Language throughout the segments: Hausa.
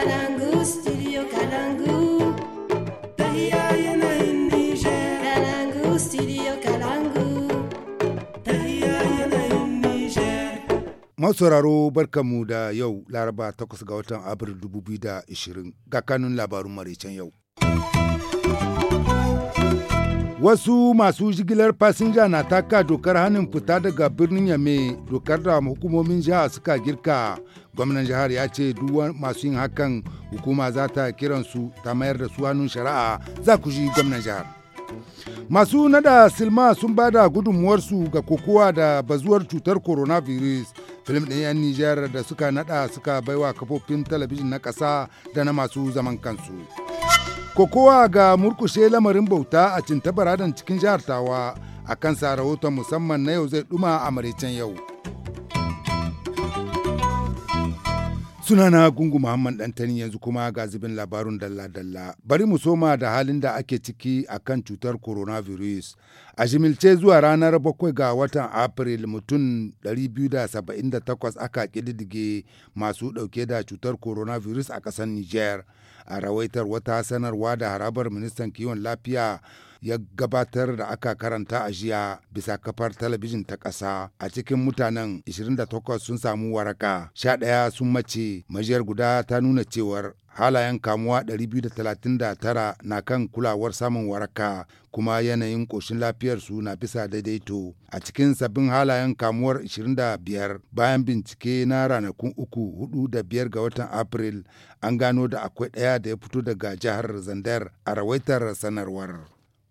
Kalangu, studio Kalangu. yanayin studio barkanmu da yau Laraba 8 ga watan Abril 2020 ga kanun labarun maraicen yau. Wasu masu jigilar fasinja na taka dokar hannun fita daga birnin Yame dokar da hukumomin jiha suka girka. Gwamnan jihar ya ce duk masu yin hakan hukuma za ta kiransu ta mayar da su hannun shari'a za ku ji gwamnan jihar. masu nada silma sun ba da gudunmuwarsu ga kokowa da bazuwar cutar coronavirus film ɗin 'yan nijar da suka nada suka baiwa kafofin talabijin na ƙasa da na masu zaman kansu. kokowa ga murkushe lamarin bauta a cintabaradan cikin jihar tawa a kan rahoton musamman na yau zai ɗuma a maraicen yau sunana gungu muhammad dantani yanzu kuma ga zubin labarun dalla-dalla bari mu soma da halin da ake ciki a kan cutar coronavirus a jimilce zuwa ranar bakwai ga watan april mutum 278 aka ƙididdige masu ɗauke da cutar coronavirus a ƙasar niger a rawaitar wata sanarwa da harabar ministan kiwon lafiya ya gabatar da aka karanta a jiya bisa kafar talabijin ta ƙasa a cikin mutanen 28 sun samu waraka 11 sun mace majiyar guda ta nuna cewar halayen kamuwa 239 na kan kulawar samun waraka kuma yanayin ƙoshin lafiyarsu na bisa daidaito a cikin sabbin halayen kamuwar 25 bayan bincike na ranakun uku hudu da biyar ga watan april an gano da akwai ɗaya da ya fito daga jihar zandar a rawaitar sanarwar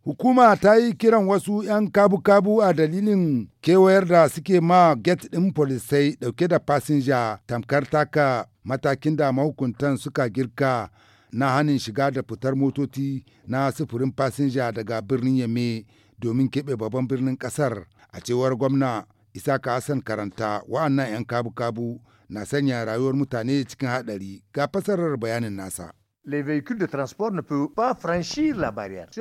Hukuma ta yi kiran wasu 'yan kabu-kabu a dalilin kewayar da suke ma get ɗin polisai ɗauke da fasinja tamkar taka matakin da mahukuntan suka girka na hannun shiga da fitar motoci na sufurin fasinja daga birnin Yame domin keɓe babban birnin ƙasar a cewar gwamna Isaka Hassan karanta wa'annan 'yan kabu-kabu na sanya rayuwar mutane cikin haɗari ga fasarar bayanin nasa.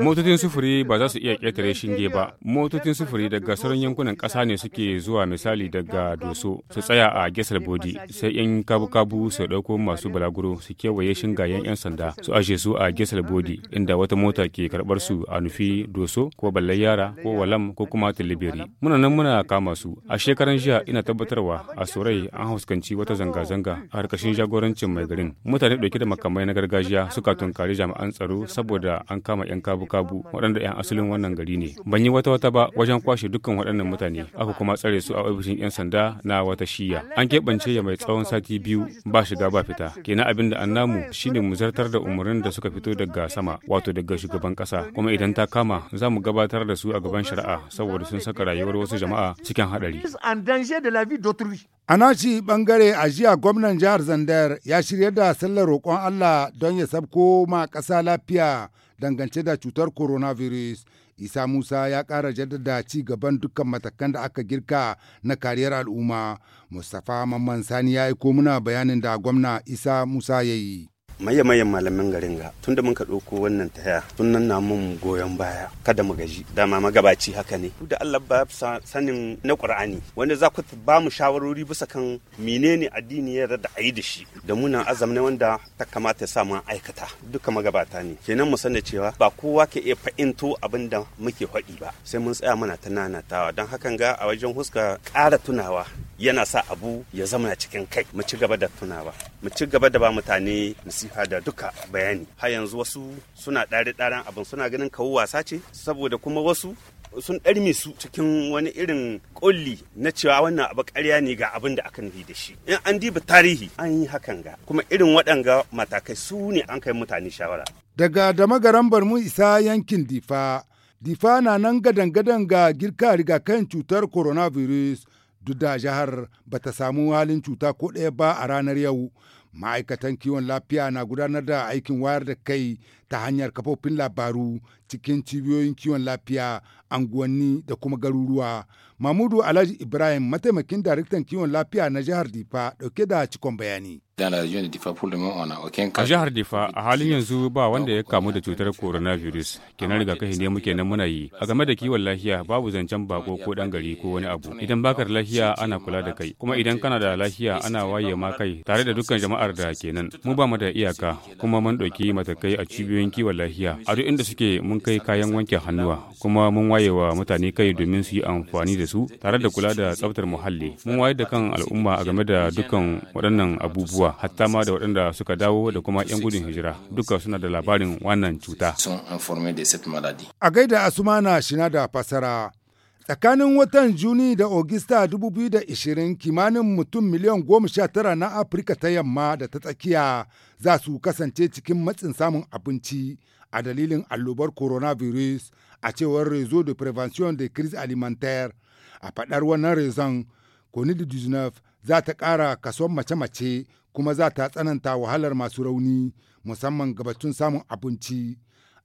Motocin sufuri ba za su iya ƙetare shinge ba. Motocin sufuri daga sauran yankunan ƙasa ne suke zuwa misali daga Doso su tsaya a Gesar Bodi sai 'yan kabu-kabu su ɗauko masu balaguro su kewaye shinga 'yan 'yan sanda su ashe su a Gesar Bodi inda wata mota ke karɓar su a nufi Doso ko Ballar Yara ko Walam ko kuma Tilibiri. Muna nan muna kama su. A shekaran jiya ina tabbatarwa a Sorai an huskanci wata zanga-zanga a harkashin jagorancin mai garin. Mutane ɗauke da makamai na gargajiya gargajiya suka tunkari jami'an tsaro saboda an kama 'yan kabu-kabu waɗanda 'yan asalin wannan gari ne. Ban yi wata wata ba wajen kwashe dukkan waɗannan mutane aka kuma tsare su a ofishin 'yan sanda na wata shiya. An keɓance ya mai tsawon sati biyu ba shiga ba fita. Kenan abin da an namu shine mu zartar da umarnin da suka fito daga sama wato daga shugaban ƙasa kuma idan ta kama za mu gabatar da su a gaban shari'a saboda sun saka rayuwar wasu jama'a cikin haɗari. A naci bangare a jiya gwamnan jihar Zandar ya shirya da sallar roƙon Allah don ya sabko ma ƙasa lafiya dangance da cutar coronavirus. Isa Musa ya ƙara jaddada ci gaban dukkan matakan da aka girka na kariyar al'umma. Mustapha Mamman Sani ya aiko muna bayanin da gwamna Isa Musa ya yi. maye maye malamin garin ga tunda mun ka ɗauko wannan taya tun nan na mun goyon baya kada mu gaji dama magabaci haka ne duk da Allah ba sanin na Qur'ani wanda za ku ba mu shawarori bisa kan menene addini ya da ayi da shi da muna azam ne wanda ta kamata ya sa mu aikata duka magabata ne kenan mu san da cewa ba kowa ke iya fa'into abin da muke faɗi ba sai mun tsaya muna ta nanatawa don hakan ga a wajen huska ƙara tunawa yana sa abu ya zama cikin kai mu ci gaba da tunawa mu ci gaba da ba mutane nasiha da duka bayani har yanzu wasu suna ɗari ɗaran abin suna ganin kawo wasa ce saboda kuma wasu sun ɗarmi su cikin wani irin ƙulli na cewa wannan abu ƙarya ne ga abin da aka nufi da shi in an diba tarihi an yi hakan ga kuma irin waɗanga matakai su ne an kai mutane shawara daga da magaran mu isa yankin difa difa na nan gadan-gadan ga girka riga kan cutar coronavirus duk da jihar ba ta samu halin cuta ko ɗaya ba a ranar yau ma'aikatan kiwon lafiya na gudanar da aikin wayar da kai ta hanyar kafofin labaru cikin cibiyoyin kiwon lafiya anguwanni da kuma garuruwa mamudu alhaji ibrahim mataimakin daraktan kiwon lafiya na jihar difa dauke da cikon bayani A jihar Difa a halin yanzu ba wanda ya kamu da cutar coronavirus kenan rigakafi ne muke nan muna yi a game da kiwon lafiya babu zancen bako ko dan gari ko wani abu idan bakar da lafiya ana kula da kai kuma idan kana da lafiya ana waye ma kai tare da dukkan jama'ar da kenan mu ba mu da iyaka kuma mun ɗauki matakai a cibiyoyin kiwon lafiya a duk inda suke mun mun kai kayan wanke hannuwa kuma mun waye wa mutane kai domin su yi amfani da su tare da kula da tsaftar muhalli. Mun wayar da kan al'umma a game da dukkan waɗannan abubuwa hatta ma da waɗanda suka dawo da kuma 'yan gudun hijira duka suna da labarin wannan cuta. A gaida Asumana Shina da fasara Tsakanin watan Juni da Ogista 2020 kimanin mutum miliyan goma sha tara na Afirka ta yamma da ta tsakiya za su kasance cikin matsin samun abinci a dalilin allobar coronavirus a cewar Réseau de Prévention de Crises Alimentaire. A faɗar wannan rezon, COVID-19 za ta ƙara kason mace-mace kuma za ta tsananta wahalar masu rauni musamman gabatun samun abinci.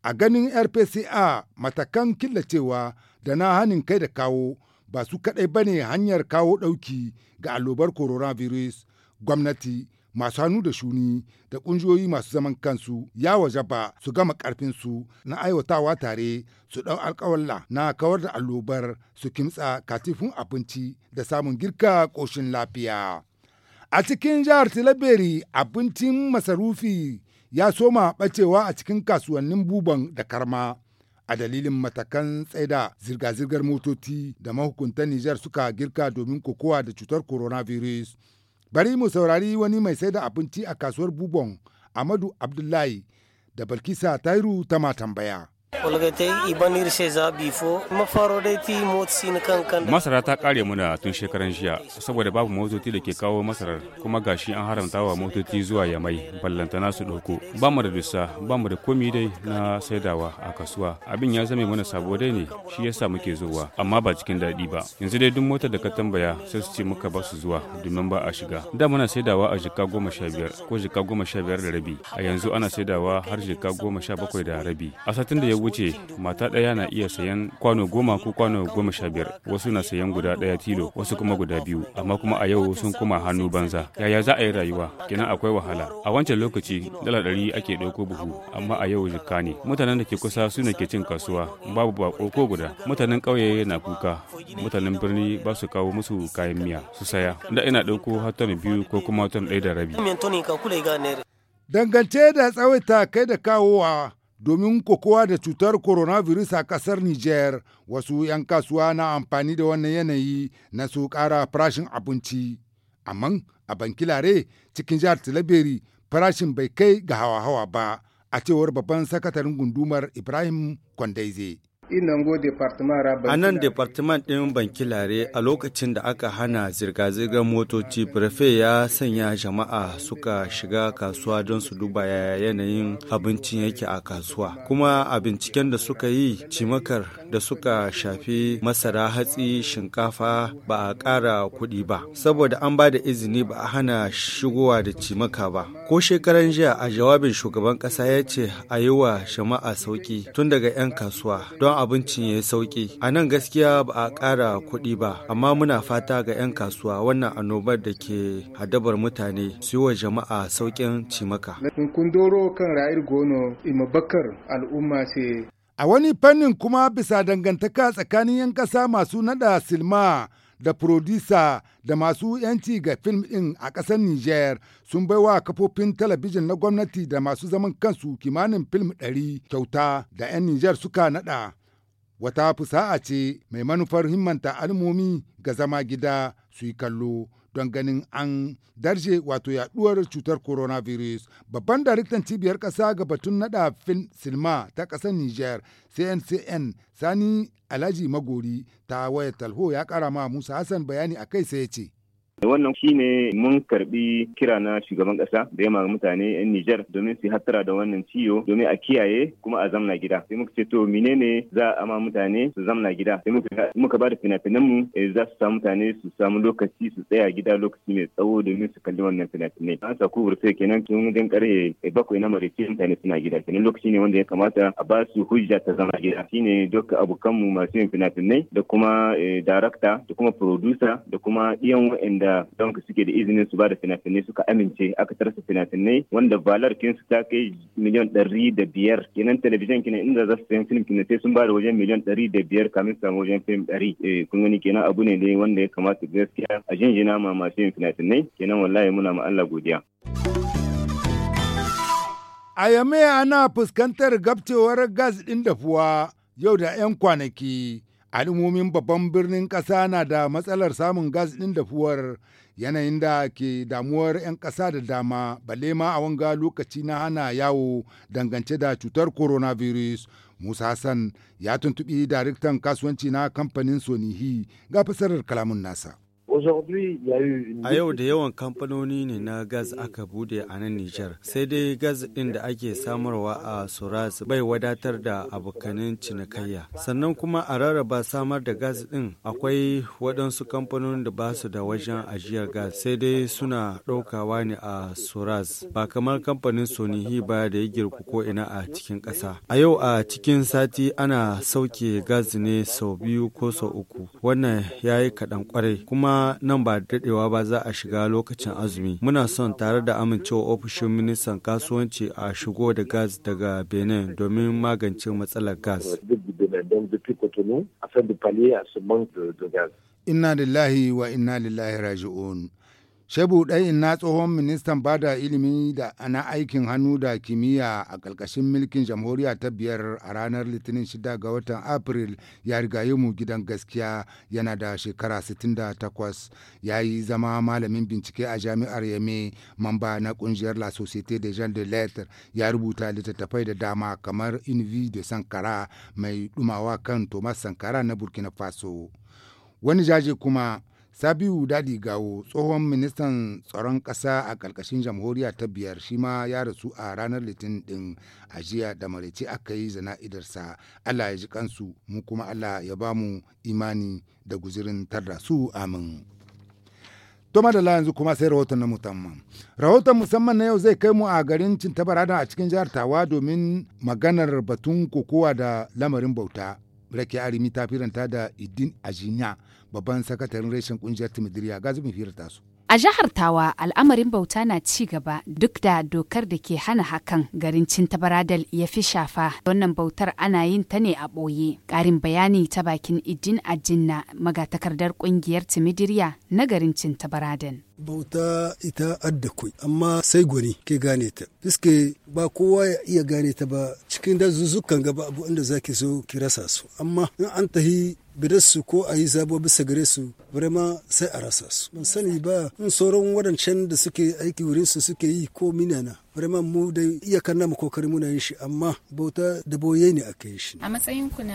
A ganin RPCA matakan killacewa da na hanin kai da kawo ba su kaɗai ba ne hanyar kawo ɗauki ga allobar coronavirus gwamnati masu hannu da shuni da ƙungiyoyi masu zaman kansu ya waje ba su gama ƙarfinsu na aiwatawa tare su ɗau alƙawalla na kawar da allobar su kimtsa katifin abinci da samun girka ƙoshin lafiya. A cikin jihar Tilaberi abincin masarufi ya soma ɓacewa a cikin kasuwannin buban da karma a dalilin matakan tsaida zirga-zirgar motoci da mahukuntan Nijar suka girka domin kokowa da cutar coronavirus. Bari mu saurari wani mai saida abinci a kasuwar Bubon, Amadu Abdullahi da Balkisa Tairu ta tambaya. Masara ta kare muna tun shekaran jiya saboda babu motoci da ke kawo masarar kuma gashi an haramta wa motoci zuwa yamai ballantana su doko. Ba mu da dusa, ba mu da komi dai na saidawa a kasuwa. Abin ya zame mana sabo dai ne shi yasa muke zuwa amma ba cikin daɗi ba. Yanzu dai duk motar da ka tambaya sai su ce muka ba su zuwa domin ba a shiga. Da muna saidawa a jika goma sha ko jika goma da rabi. A yanzu ana saidawa har jika goma da rabi. A satin da ya wuce mata ɗaya na iya sayan kwano goma ko kwano goma sha biyar wasu na sayan guda ɗaya tilo wasu kuma guda biyu amma kuma a yau sun koma hannu banza yaya za a yi rayuwa kenan akwai wahala a wancan lokaci dala ɗari ake ɗauko buhu amma a yau jikka ne mutanen da ke kusa su ne ke cin kasuwa babu bako ko guda mutanen ƙauye na kuka mutanen birni ba su kawo musu kayan miya su saya da ina ɗauko hatton biyu ko kuma hatton ɗaya da rabi. Dangance da tsawaita kai da kawowa domin kokowa da cutar coronavirus a kasar Nijar wasu 'yan kasuwa na amfani da wannan yanayi na su ƙara farashin abinci. Amma a bankilare cikin jihar Tilaberi farashin bai kai ga hawa-hawa ba a cewar babban sakataren gundumar Ibrahim Kwandaize. A nan departament ɗin Bankilare a lokacin da aka hana zirga-zirgar motoci prefe ya sanya jama'a suka shiga kasuwa don su duba yanayin abincin yake a kasuwa. Kuma a binciken da suka yi cimakar da suka shafi masara hatsi shinkafa ba a ƙara kuɗi ba. Saboda an ba da izini ba a hana shigowa da cimaka ba. Ko shekaran jiya a jawabin shugaban ƙasa ya ce a yi wa jama'a sauƙi tun daga 'yan kasuwa don a abincin ya yi sauƙi. A nan gaskiya ba a ƙara kuɗi ba, amma muna fata ga 'yan kasuwa wannan annobar da ke hadabar mutane su wa jama'a sauƙin cimaka. doro kan ra'ayar gono imabakar al'umma ce. A wani fannin kuma bisa dangantaka tsakanin 'yan ƙasa masu naɗa silma da furodisa da masu yanci ga fim ɗin a ƙasar Nijar sun baiwa kafofin talabijin na gwamnati da masu zaman kansu kimanin fim ɗari kyauta da 'yan Nijar suka naɗa. wata fusa'a ce mai manufar himmanta almomi ga zama gida su yi kallo don ganin an darje wato yaduwar cutar coronavirus babban daraktan cibiyar ƙasa ga batun nada fin silma ta ƙasar niger cncn sani alhaji magori ta wayar talho ya ƙara ma musa hassan bayani a kai sai ya ce wannan shine mun karbi kira na shugaban kasa da yamma mutane yan Nijar domin su hattara da wannan ciyo domin a kiyaye kuma a zamna gida sai muka ce to menene za a ma mutane su zamna gida sai muka ba da fina-finan mu eh, za su samu mutane su samu lokaci su tsaya gida lokaci mai tsawo domin su kalli wannan fina-finai an sa kubur sai kenan tun wajen karfe bakwai na marice mutane suna gida kenan lokaci ne wanda ya kamata a ba su hujja ta zama gida shine duka abokanmu masu yin fina-finai da kuma eh, darakta da kuma producer da kuma iyan wa'anda da donka suke da izinin su ba da fina suka amince aka tarsa finafinai wanda valar kinsu ta kai miliyan ɗari da biyar kenan talabijin kenan inda za su sayan film kenan sai sun ba da wajen miliyan ɗari da biyar kamin samu wajen film ɗari eh, kun gani kenan abu ne wanda ya kamata gaskiya a jinjina ma masu yin fina-finai kenan wallahi muna ma Allah godiya. A yammai ana fuskantar gabcewar gas ɗin dafuwa yau da 'yan kwanaki. al'ummomin babban birnin ƙasa na da matsalar samun gas ɗin dafuwar yanayin da ke damuwar 'yan ƙasa da dama balle ma a wanga lokaci na hana yawo dangance da cutar coronavirus musa hassan ya tuntuɓi daraktan kasuwanci na kamfanin sonihi ga fasarar kalamun nasa A yau da yawan kamfanoni ne na gas aka bude a nan Nijar, sai dai gas ɗin da ake samarwa a Suras bai wadatar da abokanin cinikayya. Sannan kuma a rarraba samar da gas ɗin akwai waɗansu kamfanoni da ba su da wajen ajiyar gas sai dai suna ɗaukawa ne a Suras ba kamar kamfanin Sonihi ba da ya girku ko ina a cikin ƙasa. A yau a cikin sati ana sauke gas ne sau biyu ko sau uku, wannan ya yi kaɗan ƙwarai kuma nan ba daɗewa ba za a shiga lokacin azumi muna son tare da amincewa ofishin ministan kasuwanci a shigo da gas daga benin domin magance matsalar gas inna lillahi wa inna lillahi raji'un Shebu ɗayin na tsohon ministan bada ilimi da na aikin hannu da kimiyya a ƙarƙashin mulkin jamhuriya ta biyar a ranar litinin shida ga watan april ya rigaye mu gidan gaskiya yana da shekara 68 ya yi zama malamin bincike a jami'ar Yame mamba na ƙungiyar La Société des Gens de Lettres ya rubuta littattafai da dama kamar Invi de Sankara mai dumawa kan Thomas Sankara na Burkina Faso. Wani jaji kuma Sabiu Dadi Gawo tsohon ministan tsaron kasa a ƙarƙashin jamhuriya ta biyar shi ma ya rasu a ranar litinin din a jiya da maraice aka yi zana'idarsa Allah ya ji kansu mu kuma Allah ya ba mu imani da guzirin tarra su amin. To madalla yanzu kuma sai rahoton na musamman. Rahoton musamman na yau zai kai mu a garin Cintabarada a cikin jihar Tawa domin maganar batun kokowa da lamarin bauta. Rake Arimi ta firanta da Idin Ajinya babban sakataren reshen kungiyar timidiriya ga zubin firar tasu. A jihar Tawa al'amarin bauta na ci gaba duk da dokar da ke hana hakan garin Cintabaradal ya fi shafa. Wannan bautar ana yin ta ne a ɓoye. Ƙarin bayani ta bakin Idin Ajinna magatakardar ƙungiyar Timidiriya na garin Cintabaradal. Bauta ita addakwai amma sai gwani ke gane ta. Fiske ba kowa ya iya gane ta ba cikin da zuzukan gaba abu inda zaki so ki rasa su. Amma in an tahi su ko a yi zabo bisa gare su vraiment sai a rasa su ban sani ba in sauran wadancan da suke aiki wurin su suke yi ko minana Vraiment mu da iya iyakar mu kokari muna yin shi amma bauta da boye ne aka yi shi. A matsayin ku na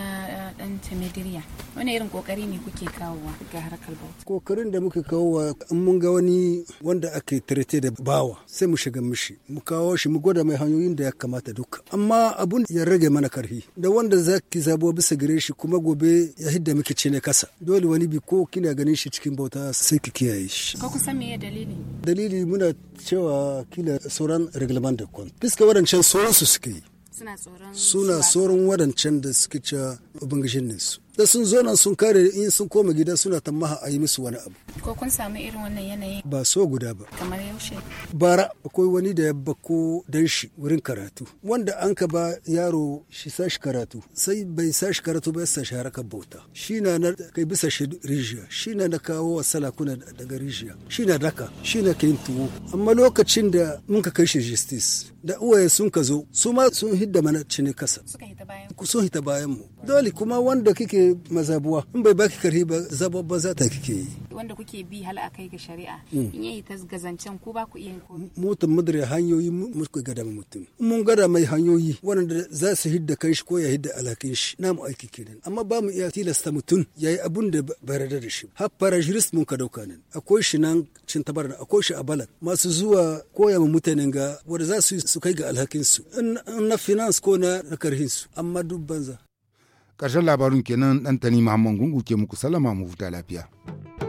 dan eh, tamidiriya wani irin kokari ne kuke kawowa ga harkar bauta? Kokarin da muke kawowa in mun ga wani wanda ake tarete da bawa sai mu shiga mishi mu kawo shi mu gwada mai hanyoyin da ya kamata duka. Amma abun ya rage mana karfi da wanda za ki zabo bisa gare shi kuma gobe ya hidda muke ce ne kasa dole wani bi ko kina ganin shi cikin bauta sai ki kiyaye shi. Ko kusan me dalili? Dalili muna cewa kila sauran reglement da kwan fiska wadancan sauransu suke yi suna tsoron wadancan da suke cewa ubangishin su da sun zo nan sun kare in sun koma gida suna tamaha a yi musu wani abu. Ko kun samu irin wannan yanayi? Ba so guda ba. Kamar yaushe? Bara akwai wani da ya bako dan shi wurin karatu. Wanda an ka ba yaro shi sashi karatu sai bai sashi karatu ba ya sashi harakar bauta. Shi na na kai bisa shi rijiya. Shi na na kawo wa salakuna daga rijiya. Shi na daka. Shi na kai tuwo. Amma lokacin da mun ka kai shi justice da uwaye sun ka zo su ma sun hidda mana cini kasa. Sun hita bayan mu. Dole kuma wanda kike mazabuwa in bai baki karfi ba zababba za ta kike yi wanda kuke bi hal akai ga shari'a hmm. in yayi tasgazancen ku ba ku iya ko mutum mudare hanyoyi muku gada mutum mun gada mai hanyoyi wanda za su hidda kai shi ko ya hidda alakin shi na mu aiki kenan amma ba mu iya tilasta mutum yayi abun da ba rada da shi har farajirist mun ka dauka nan akwai shi nan cin tabar akwai shi a balad masu zuwa koya ma mutanen ga wanda za su su kai ga alhakin su na finance ko na karhin su amma duk banza ƙarshen labarin kenan tani muhammadu Gungu ke muku salama mu huta lafiya.